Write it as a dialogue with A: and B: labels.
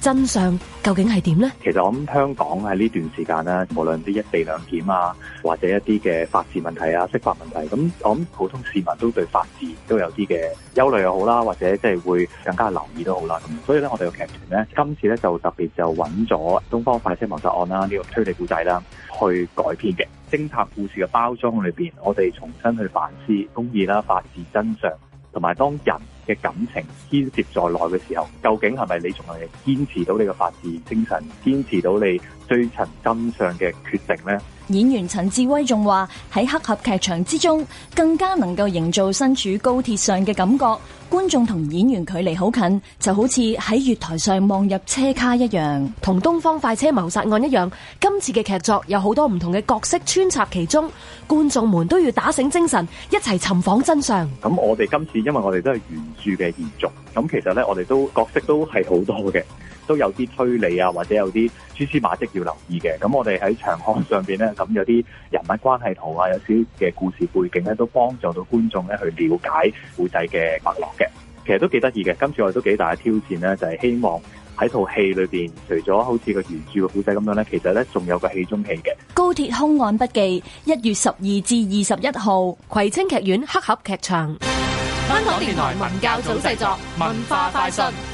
A: 真相究竟係點呢？
B: 其實我諗香港喺呢段時間咧，無論啲一地兩檢啊，或者一啲嘅法治問題啊、釋法問題，咁我諗普通市民都對法治都有啲嘅憂慮又好啦，或者即係會更加留意都好啦。咁所以咧，我哋嘅劇團咧，今次咧就特別就搵咗《東方快車謀殺案、啊》啦、這、呢個推理故仔啦、啊，去改編嘅偵察故事嘅包裝裏邊，我哋重新去反思公義啦、法治真相，同埋當人，嘅感情牽涉在內嘅時候，究竟係咪你仲係堅持到你嘅法治精神，堅持到你追尋真相嘅決定咧？
A: 演員陳志威仲話：喺黑盒劇場之中，更加能夠營造身處高鐵上嘅感覺。觀眾同演員距離好近，就好似喺月台上望入車卡一樣。同《東方快車謀殺案》一樣，今次嘅劇作有好多唔同嘅角色穿插其中，觀眾們都要打醒精神，一齊尋訪真相。
B: 咁我哋今次因為我哋都係原著嘅延續。咁其實咧，我哋都角色都係好多嘅，都有啲推理啊，或者有啲蛛絲馬跡要留意嘅。咁我哋喺場刊上面咧，咁有啲人物關係圖啊，有少少嘅故事背景咧，都幫助到觀眾咧去了解古仔嘅脈絡嘅。其實都幾得意嘅。今次我哋都幾大嘅挑戰咧，就係、是、希望喺套戲裏面，除咗好似個原著嘅古仔咁樣咧，其實咧仲有個戲中戲嘅
A: 《高鐵兇案筆記》。一月十二至二十一號葵青劇院黑盒劇場。香港電台文教組製作，作，文化快訊。